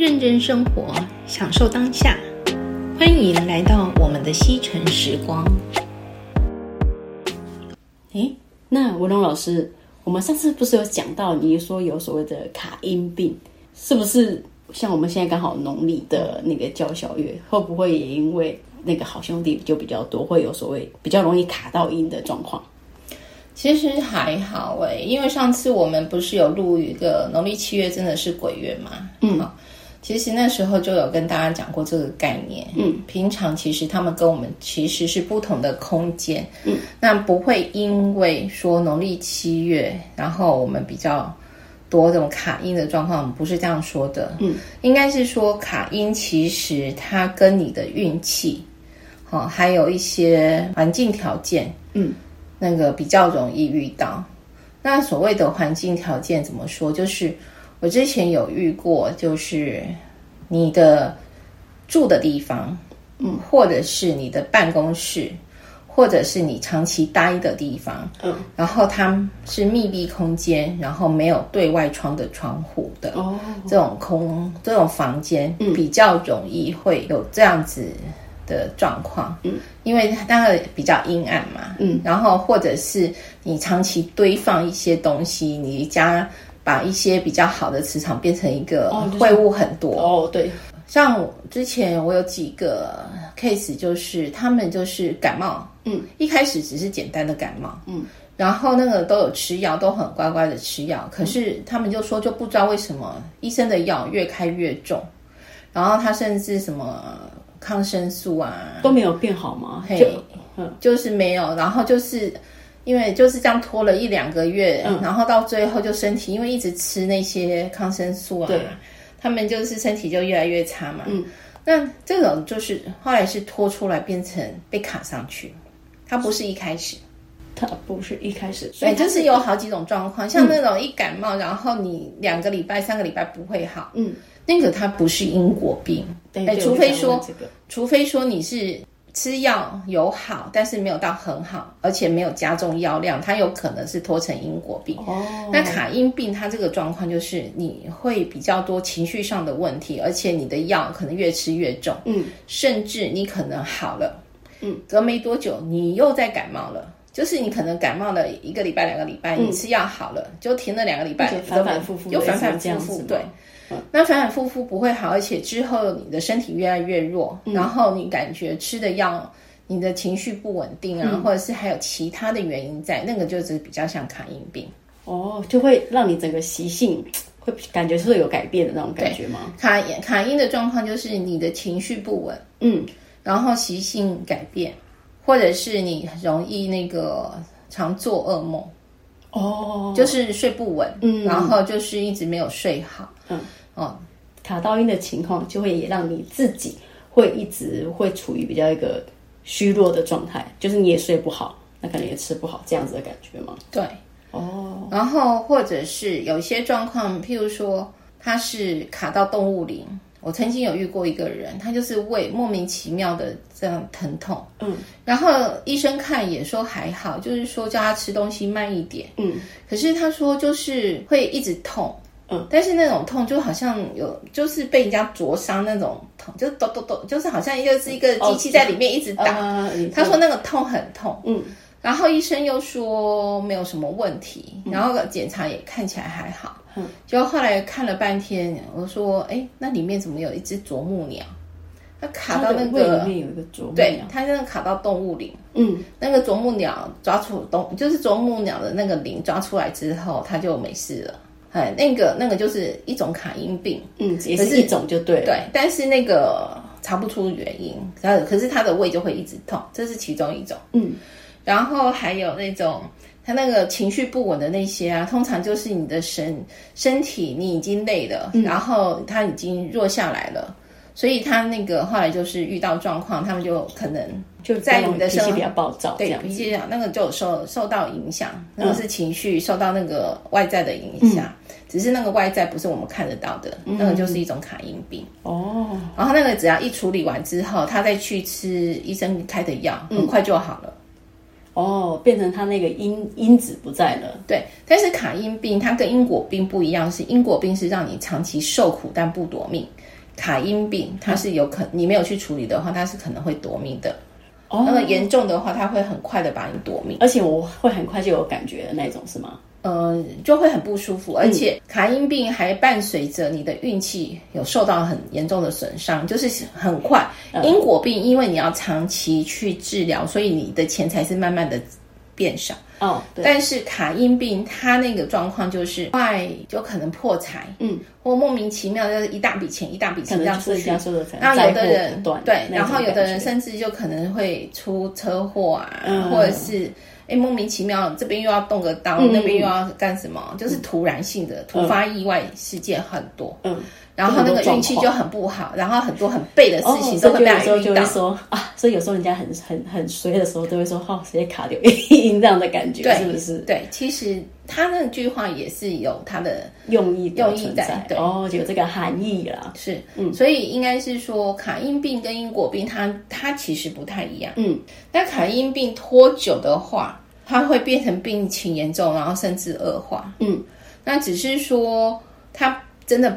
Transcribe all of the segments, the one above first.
認真生活，享受當下。歡迎來到我們的西城時光。誒那文龍老師，我們上次不是有講到，你說有所謂的卡陰病，是不是？像我們現在剛好農曆的那個叫小月，會不會也因為那個好兄弟就比較多，會有所謂比較容易卡到陰的狀況？其實還好哎，因為上次我們不是有錄一個農曆七月真的是鬼月嘛，嗯。其實那時候就有跟大家講過這個概念，嗯，平常其實他們跟我們其實是不同的空間，嗯，那不會因為說農曆七月，嗯、然後我們比較多這種卡陰的狀況，我們不是這樣說的，嗯，應該是說卡陰其實它跟你的運氣，好、哦，還有一些環境條件，嗯，那個比較容易遇到。那所謂的環境條件怎麼說，就是。我之前有遇過，就是你的住的地方，嗯，或者是你的辦公室，或者是你長期待的地方，嗯，然後它是密閉空間，然後沒有對外窗的窗戶的，哦，這種空這種房間，嗯，比較容易會有這樣子的狀況，嗯，因為它那個比較陰暗嘛，嗯，然後或者是你長期堆放一些東西，你家。把一些比較好的磁場變成一個會物很多哦，對，像之前我有幾個 case，就是他們就是感冒，嗯，一開始只是簡單的感冒，嗯，然後那個都有吃藥，都很乖乖的吃藥，可是他們就說就不知道為什麼醫生的藥越開越重，然後他甚至什麼抗生素啊都沒有變好嘛？嘿，就是沒有，然後就是。因為就是這樣拖了一兩個月，嗯，然後到最後就身體，因為一直吃那些抗生素啊，他們就是身體就越來越差嘛。嗯，那這種就是後來是拖出來變成被卡上去，它不是一開始，它不是一開始，所以就是有好幾種狀況，嗯，像那種一感冒，然後你兩個禮拜、三個禮拜不會好。嗯，那個它不是因果病，嗯、對、對、欸這個，除非說，除非說你是。吃藥有好，但是沒有到很好，而且沒有加重藥量，它有可能是拖成因果病。哦、oh.，那卡陰病，它這個狀況就是你會比較多情緒上的問題，而且你的藥可能越吃越重。嗯，甚至你可能好了，嗯、隔沒多久你又在感冒了，就是你可能感冒了一個禮拜、兩個禮拜，嗯、你吃藥好了，就停了兩個禮拜，反反复复，又反反复覆對，對。那反反复覆不會好，而且之後你的身體越來越弱，嗯、然後你感覺吃的藥，你的情緒不穩定啊，嗯、或者是還有其他的原因在，那個就只是比較像卡陰病哦，就會讓你整個習性會感覺是會有改變的那種感覺嗎？卡陰卡陰的狀況就是你的情緒不穩，嗯，然後習性改變，或者是你容易那個常做噩夢，哦，就是睡不穩，嗯，然後就是一直沒有睡好，嗯。哦，卡到陰的情況就會也讓你自己會一直會處於比較一個虛弱的狀態，就是你也睡不好，那可能也吃不好，這樣子的感覺嗎？對，哦。然後或者是有一些狀況，譬如說他是卡到動物靈，我曾經有遇過一個人，他就是胃莫名其妙的這樣疼痛，嗯。然後醫生看也說還好，就是說叫他吃東西慢一點，嗯。可是他說就是會一直痛。嗯，但是那種痛就好像有，就是被人家灼傷那種痛，就咚咚咚，就是好像一個是一個機器在裡面一直打。Oh, yeah. uh, 他說那個痛很痛，嗯，然後醫生又說沒有什麼問題，嗯、然後檢查也看起來還好，嗯，就後來看了半天，我說哎、欸，那裡面怎麼有一隻啄木鳥？它卡到那個裡面有一個啄木鳥，對，它真的卡到動物靈。嗯，那個啄木鳥抓出動就是啄木鳥的那個靈抓出來之後，它就沒事了。哎，那個那個就是一種卡陰病，嗯，也是一種就對了，對，但是那個查不出原因，然後可是他的胃就會一直痛，這是其中一種，嗯，然後還有那種他那個情緒不穩的那些啊，通常就是你的身身體你已經累了，嗯、然後他已經弱下來了。所以他那個後來就是遇到狀況，他們就可能在就在你的脾氣比較暴躁這樣子，對脾氣比較那個就有受受到影響、嗯，那個、是情緒受到那個外在的影響、嗯，只是那個外在不是我們看得到的，嗯、那個就是一種卡陰病哦、嗯。然後那個只要一處理完之後，他再去吃醫生開的藥、嗯，很快就好了。哦，變成他那個陰因子不在了。對，但是卡陰病它跟因果病不一樣，是因果病是讓你長期受苦但不奪命。卡陰病，它是有可，啊，你沒有去處理的話，它是可能會奪命的。哦，那麼嚴重的話，它會很快的把你奪命，而且我會很快就有感覺的那種，是嗎？呃，就會很不舒服，嗯，而且卡陰病還伴隨着你的運氣有受到很嚴重的損傷，就是很快。嗯，因果病，因為你要長期去治療，所以你的錢財是慢慢的。變少哦、oh，但是卡陰病他那個狀況就是快，就可能破財，嗯，或莫名其妙就是一大筆錢，一大筆錢讓出去，那有的人對，然後有的人甚至就可能會出車禍啊，嗯、或者是。哎、欸，莫名其妙，這邊又要動個刀，嗯、那邊又要幹什麼？就是突然性的、嗯、突發意外事件很多，嗯，然後那個運氣就很不好，嗯、然後很多很背的事情都會被他、哦，所以就有時候就說啊，所以有時候人家很很很衰的時候，都會說哦，直接卡到陰陰 這樣的感覺對，是不是？對，其實。他那句話也是有他的用意，用意在對哦，有這個含義了。是、嗯，所以應該是說卡陰病跟因果病它，它它其實不太一樣。嗯，但卡陰病拖久的話，它會變成病情嚴重，然後甚至惡化。嗯，那、嗯、只是說它真的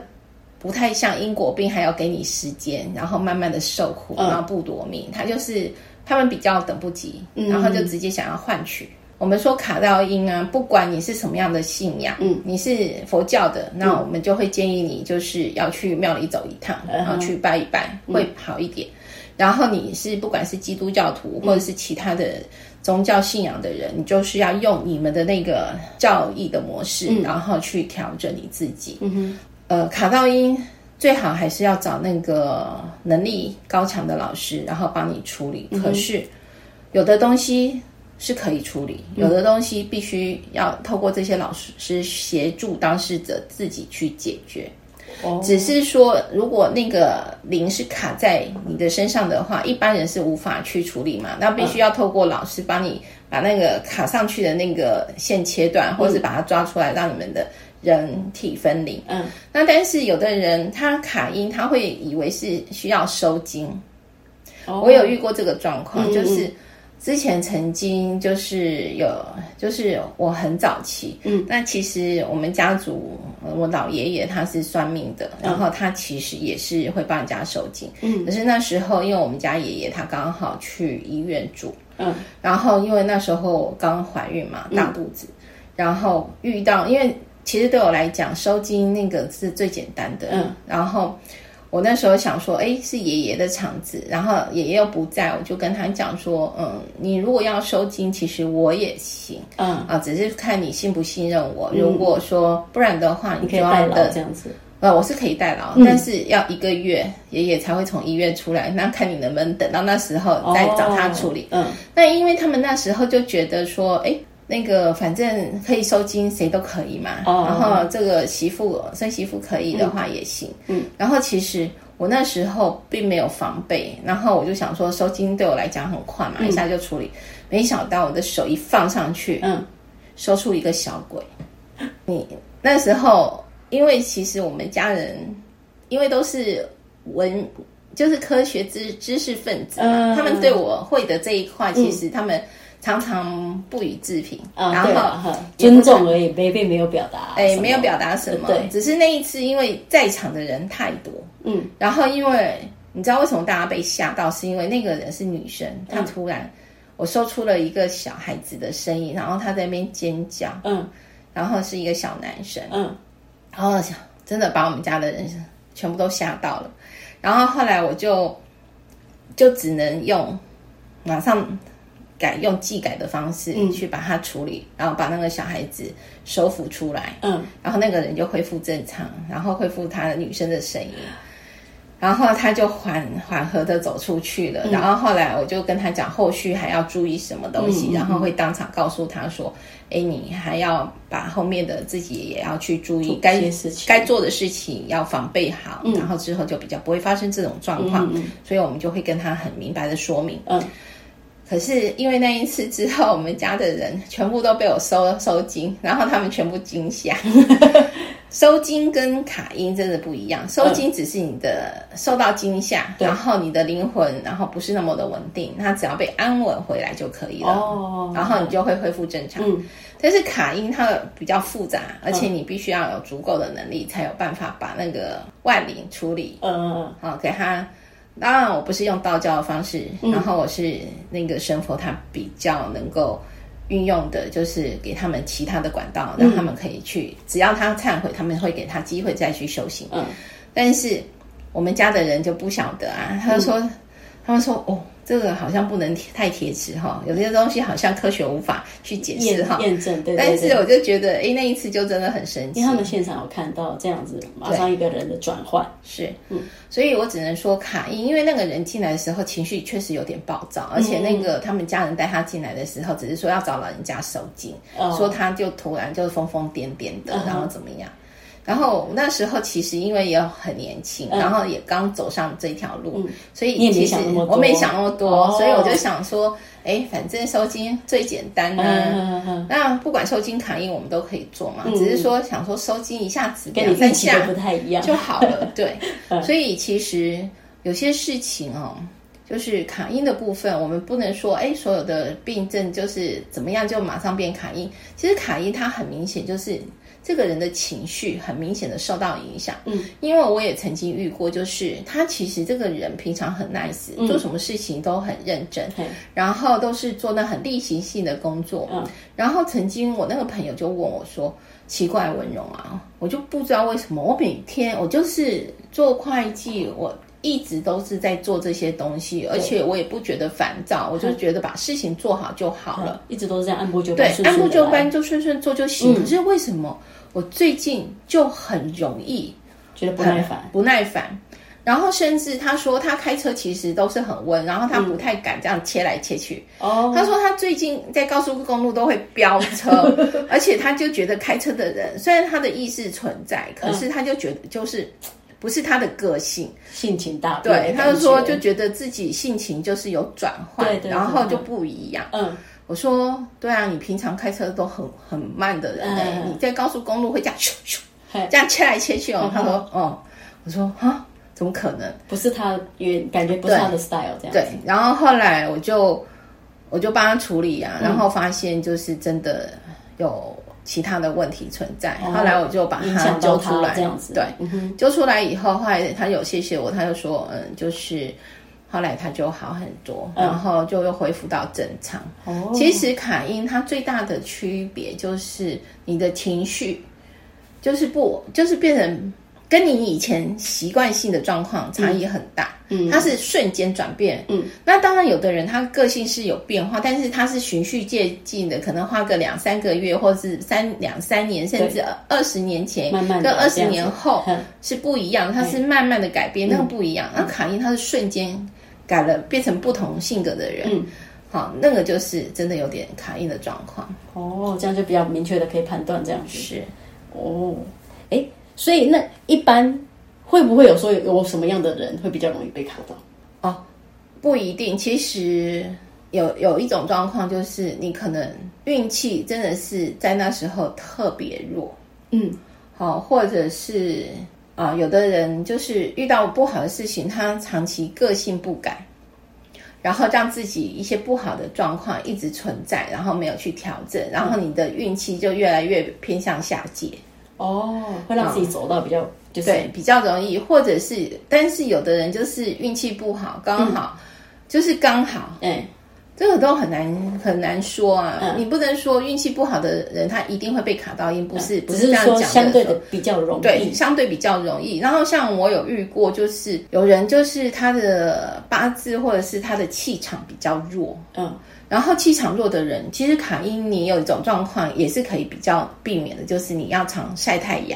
不太像因果病，還要給你時間，然後慢慢的受苦，然後不奪命。他、嗯、就是他們比較等不及、嗯，然後就直接想要換取。我們說卡到陰啊，不管你是什麼樣的信仰，嗯，你是佛教的，那我們就會建議你，就是要去廟裡走一趟，嗯、然後去拜一拜、嗯，會好一點。然後你是不管是基督教徒或者是其他的宗教信仰的人、嗯，你就是要用你們的那個教義的模式，嗯、然後去調整你自己。嗯哼，呃，卡到陰最好還是要找那個能力高強的老師，然後幫你處理。嗯、可是有的東西。是可以處理，有的東西必須要透過這些老師協助當事者自己去解決。嗯、只是說，如果那個靈是卡在你的身上的話，一般人是無法去處理嘛，那必須要透過老師幫你把那個卡上去的那個線切斷，或是把它抓出來，讓你們的人體分離。嗯，那但是有的人他卡陰，他會以為是需要收驚、哦。我有遇過這個狀況，就是。嗯嗯之前曾經就是有，就是我很早期，嗯，那其實我們家族，我老爺爺他是算命的，嗯，然後他其實也是會幫人家收驚，嗯，可是那時候因為我們家爺爺他剛好去醫院住，嗯，然後因為那時候我剛懷孕嘛，大肚子，嗯，然後遇到，因為其實對我來講收驚那個是最簡單的，嗯，然後。我那時候想說，哎，是爺爺的場子，然後爺爺又不在，我就跟他講說，嗯，你如果要收驚，其實我也行，嗯啊，只是看你信不信任我。嗯、如果說不然的話，你就要等這樣子，呃、啊，我是可以代勞、嗯，但是要一個月爺爺才會從醫院出來，那看你能不能等到那時候再找他處理。哦、嗯，那因為他們那時候就覺得說，哎。那個反正可以收驚，誰都可以嘛。Oh，然後這個媳婦生、嗯、孫媳婦可以的話也行。嗯。然後其實我那時候並沒有防備，然後我就想說收驚對我來講很快嘛，嗯、一下就處理。沒想到我的手一放上去，嗯，收出一個小鬼。你、嗯、那時候因為其實我們家人因為都是文，就是科學知知識分子嘛、嗯，他們對我會的這一塊，嗯、其實他們。常常不予置評、啊，然後、啊、然尊重而已，沒並沒，沒有表達，哎，沒有表達什麼，嗯、對，只是那一次，因為在場的人太多，嗯，然後因為你知道為什麼大家被嚇到，是因為那個人是女生，她突然、嗯、我說出了一個小孩子的聲音，然後她在那邊尖叫，嗯，然後是一個小男生，嗯，然後真的把我們家的人全部都嚇到了，然後後來我就就只能用馬上。改用祭改的方式去把它處理、嗯，然後把那個小孩子收服出來，嗯，然後那個人就恢復正常，然後恢復他的女生的聲音，然後他就緩緩和的走出去了、嗯。然後後來我就跟他講，後續還要注意什麼東西，嗯、然後會當場告訴他說、嗯：“誒，你還要把後面的自己也要去注意該事情該，該做的事情要防備好、嗯，然後之後就比較不會發生這種狀況。嗯嗯嗯、所以我們就會跟他很明白的說明。”嗯。可是因為那一次之後，我們家的人全部都被我收收驚，然後他們全部驚嚇。 收驚跟卡陰真的不一樣，收驚只是你的受到驚嚇，嗯、然後你的靈魂，然後不是那麼的穩定，它只要被安穩回來就可以了。哦，然後你就會恢復正常。嗯，但是卡陰它比較複雜，而且你必須要有足夠的能力，才有辦法把那個外靈處理。嗯嗯，好，給它當然，我不是用道教的方式，嗯、然後我是那個神佛，他比較能夠運用的，就是給他們其他的管道、嗯，讓他們可以去，只要他懺悔，他們會給他機會再去修行。嗯、但是我們家的人就不曉得啊，他就說，嗯、他們說哦。這個好像不能太鐵齒哈，有些東西好像科學無法去解釋哈，驗證對、對、對。但是我就覺得，哎、欸，那一次就真的很神奇。因為他們現場有看到這樣子，馬上一個人的轉換是，嗯，所以我只能說卡陰，因為那個人進來的時候情緒確實有點暴躁，而且那個他們家人帶他進來的時候，只是說要找老人家收驚、嗯，說他就突然就瘋瘋癲癲的，嗯、然後怎麼樣。然後那時候其實因為也很年輕，嗯、然後也剛走上這條路，嗯，所以其實我沒想那麼多，哦、所以我就想說，哎，反正收驚最簡單了，啊嗯。那不管收驚卡陰我們都可以做嘛，嗯，只是說想說收驚一下子兩三下不太一樣就好了。 對，所以其實有些事情哦，就是卡陰的部分，我們不能說哎，所有的病症就是怎麼樣就馬上變卡陰。其實卡陰它很明顯就是。這個人的情緒很明顯的受到影響，嗯，因為我也曾經遇過，就是他其實這個人平常很 nice、嗯、做什麼事情都很認真、嗯，然後都是做那很例行性的工作，嗯，然後曾經我那個朋友就問我說：“嗯、奇怪文榮啊，我就不知道為什麼我每天我就是做會計，嗯、我。”一直都是在做這些東西，而且我也不覺得煩躁，我就覺得把事情做好就好了。一直都是這樣按部就班順順的來，對，按部就班就順順做就行。可、嗯、是為什麼我最近就很容易覺得不耐煩、嗯？不耐煩。然後甚至他說他開車其實都是很溫，然後他不太敢這樣切來切去。哦、嗯，他說他最近在高速公路都會飆車， 而且他就覺得開車的人雖然他的意識存在，可是他就覺得就是。嗯不是他的個性，性情大，對。對，他就說，就覺得自己性情就是有轉換，對對對，然後，後就不一樣。嗯，我說，對啊，你平常開車都很很慢的人，嗯，你在高速公路會這樣咻咻，這樣切來切去哦。他說，嗯、哦、嗯，我說，哈，怎麼可能？不是他原感覺不是他的 style 這樣。對，然後後來我就我就幫他處理呀、啊嗯，然後發現就是真的有。其他的問題存在，哦、後來我就把它揪出來，這樣子對、嗯，揪出來以後，後來他有謝謝我，他就說，嗯，就是後來他就好很多，嗯、然後就又恢復到正常、哦。其實卡陰，它最大的區別就是你的情緒，就是不，就是變成。跟你以前習慣性的狀況差異很大，嗯，它、嗯、是瞬間轉變，嗯，那當然有的人他個性是有變化，嗯、但是他是循序漸進的，可能花個兩三個月，或是三兩三年，甚至二十年前慢慢跟二十年後是不，是不一樣，他是慢慢的改變，那、嗯、個不一樣。那卡陰他是瞬間改了、嗯，變成不同性格的人、嗯，好，那個就是真的有點卡陰的狀況哦，這樣就比較明確的可以判斷這樣子是哦，哎、欸。所以那一般會不會有說有什麼樣的人會比較容易被卡到啊、哦？不一定。其實有有一種狀況，就是你可能運氣真的是在那時候特別弱。嗯，好、哦，或者是啊，有的人就是遇到不好的事情，他長期個性不改，然後讓自己一些不好的狀況一直存在，然後沒有去調整，嗯、然後你的運氣就越來越偏向下界。哦，會讓自己走到比較、嗯就是，對，比較容易，或者是，但是有的人就是運氣不好，剛好、嗯、就是剛好，哎、嗯，這個都很難很難說啊、嗯，你不能說運氣不好的人他一定會被卡到陰，不是，嗯、不是這樣講的，相對的比較容易對，相對比較容易。然後像我有遇過，就是有人就是他的八字或者是他的氣場比較弱，嗯。然後氣場弱的人，其實卡陰，你有一種狀況也是可以比較避免的，就是你要常曬太陽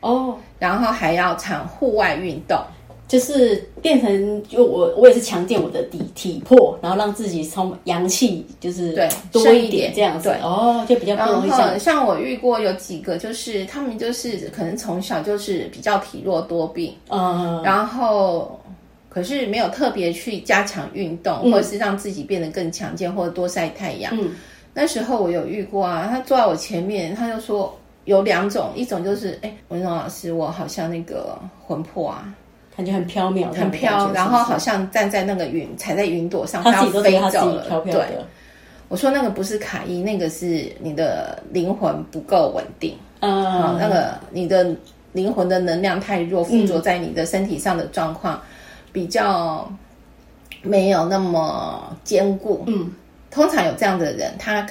哦，oh, 然後還要常戶外運動，就是變成就我我也是強健我的體體魄，然後讓自己充陽氣就是對，多一點,一點這樣子對哦，oh, 就比較然後像我遇過有幾個就是他們就是可能從小就是比較體弱多病嗯，oh. 然後。可是沒有特別去加強運動，嗯、或者是讓自己變得更強健，或者多曬太陽、嗯。那時候我有遇過啊，他坐在我前面，他就說有兩種，一種就是哎、欸，文龍老師，我好像那個魂魄啊，感覺嗯、他就很飄渺，很飄，然後好像站在那個雲，踩在雲朵上，他自己都飛走了。對，我說那個不是卡陰，那個是你的靈魂不夠穩定啊，嗯、那個你的靈魂的能量太弱，附着在你的身體上的狀況。嗯比較沒有那麼堅固，嗯，通常有這樣的人，他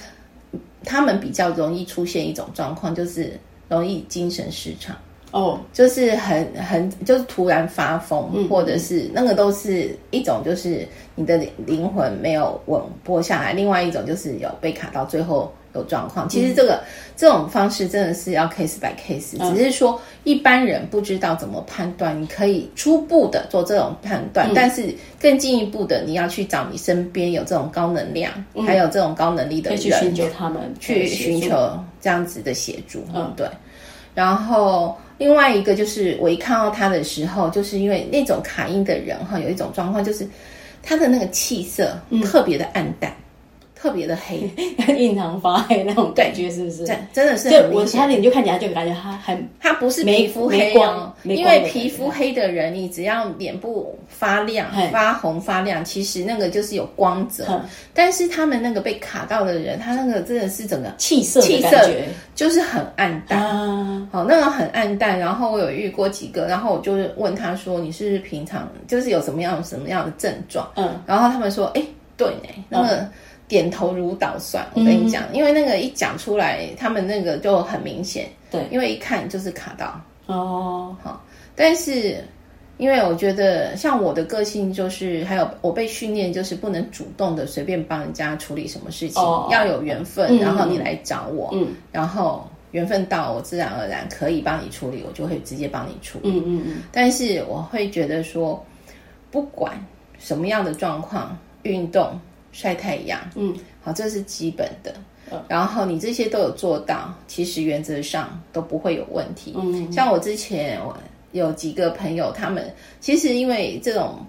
他們比較容易出現一種狀況，就是容易精神失常哦，就是很很就是突然發瘋、嗯，或者是那個都是一種，就是你的靈魂沒有穩撥下來，另外一種就是有被卡到最後。有狀況，其實這個、嗯、這種方式真的是要 case by case，、嗯、只是說一般人不知道怎麼判斷，你可以初步的做這種判斷、嗯，但是更進一步的你要去找你身邊有這種高能量、嗯，還有這種高能力的人去尋求他們去尋求這樣子的協助，嗯、對不對？然後另外一個就是我一看到他的時候，就是因為那種卡陰的人哈，有一種狀況就是他的那個氣色特別的暗淡。嗯特別的黑， 印堂發黑那種感覺，是不是？真真的是。我我他臉就看起來就感覺他很，他不是皮膚黑哦、喔，因為皮膚黑的人，你只要臉部發亮、發紅、發亮，其實那個就是有光澤、嗯。但是他們那個被卡到的人，他那個真的是整個氣色，氣色就是很暗淡。好、啊喔，那個很暗淡。然後我有遇過幾個，然後我就問他說：“你是不是平常就是有什麼樣什麼樣的症狀？”嗯，然後他們說：“哎、欸，對呢、欸，那麼、個嗯點頭如搗蒜，我跟你講、嗯，因為那個一講出來，他們那個就很明顯。對，因為一看就是卡到。哦，好。但是，因為我覺得像我的個性就是，還有我被訓練就是不能主動的隨便幫人家處理什麼事情，哦、要有緣分、哦，然後你來找我，嗯嗯，然後緣分到我自然而然可以幫你處理，我就會直接幫你處理。嗯嗯嗯。但是我會覺得說，不管什麼樣的狀況，運動。曬太陽，嗯，好，這是基本的，嗯，嗯。然後你這些都有做到，其實原則上都不會有問題。嗯，嗯，像我之前我有幾個朋友，他們其實因為這種。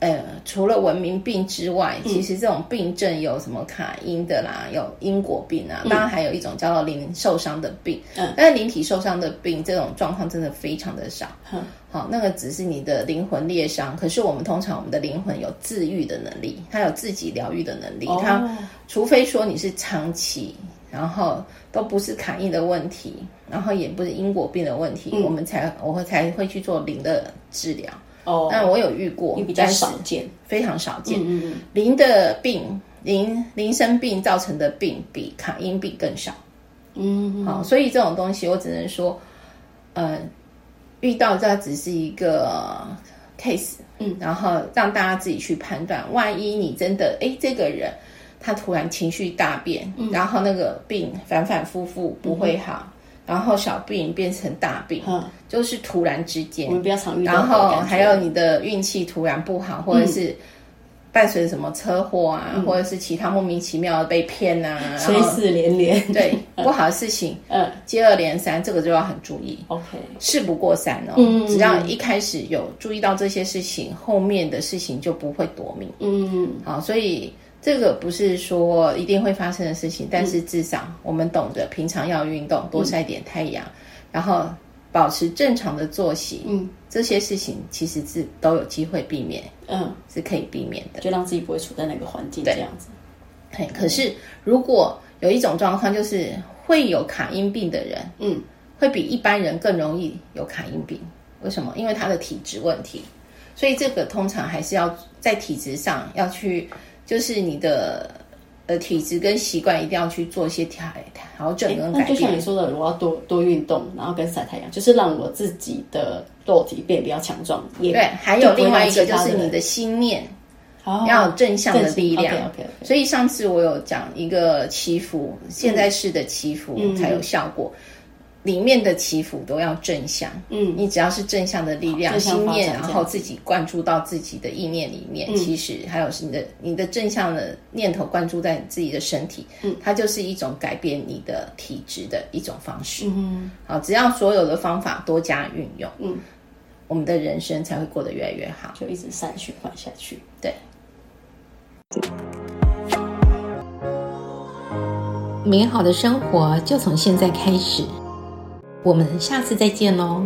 呃，除了文明病之外，其實這種病症，有什麼卡陰的啦，嗯、有因果病啊，當然還有一種叫做靈受傷的病。嗯，但是靈體受傷的病，這種狀況真的非常的少，嗯。好，那個只是你的靈魂裂傷。可是我們通常我們的靈魂有自癒的能力，它有自己療癒的能力。哦、它除非說你是長期，然後都不是卡陰的問題，然後也不是因果病的問題，嗯、我們才我才會去做靈的治療。哦，但我有遇過，比較少見，非常少見。嗯嗯，嗯，靈的病，靈靈生病造成的病比卡陰病更少。嗯，嗯，好，所以這種東西我只能說，呃，遇到這只是一個 case。嗯，然後讓大家自己去判斷，萬一你真的哎、欸，這個人他突然情緒大變，嗯，然後那個病反反复覆不會好。嗯嗯然後小病變成大病，就是突然之間。我們不要常遇到，然後還有你的運氣突然不好，嗯，或者是伴隨什麼車禍啊，嗯，或者是其他莫名其妙的被騙啊，壞、嗯、事連連。嗯、對、嗯，不好的事情，嗯、接二連三、嗯，這個就要很注意。Okay, 事不過三哦，只、嗯、要一開始有注意到這些事情，嗯、後面的事情就不會奪命嗯。嗯，好，所以。這個不是說一定會發生的事情，但是至少我們懂得平常要運動，多曬點太陽、嗯，然後保持正常的作息。嗯，這些事情其實是都有機會避免，嗯，是可以避免的，就讓自己不會處在那個環境這樣子。對，嗯、可是如果有一種狀況，就是會有卡陰病的人，嗯，會比一般人更容易有卡陰病。為什麼？因為他的體質問題，所以這個通常還是要在體質上要去。就是你的呃體質跟習慣一定要去做一些調，然好，整個，改變。就像你說的，我要多多運動，然後跟曬太陽，就是讓我自己的肉體變得比較強壯。也對，還有另外一個就是你的心念，哦、要正向的力量。o、okay, k、okay, okay，所以上次我有講一個祈福，嗯、現在式的祈福才有效果。嗯嗯裡面的祈福都要正向，嗯，你只要是正向的力量、心念，然後自己灌注到自己的意念裡面，嗯，其實還有是你的你的正向的念頭灌注在你自己的身體，嗯，它就是一種改變你的體質的一種方式，嗯，好，只要所有的方法多加運用，嗯，我們的人生才會過得越來越好，就一直善循環下去，對。美好的生活就從現在開始。我們下次再見嘍。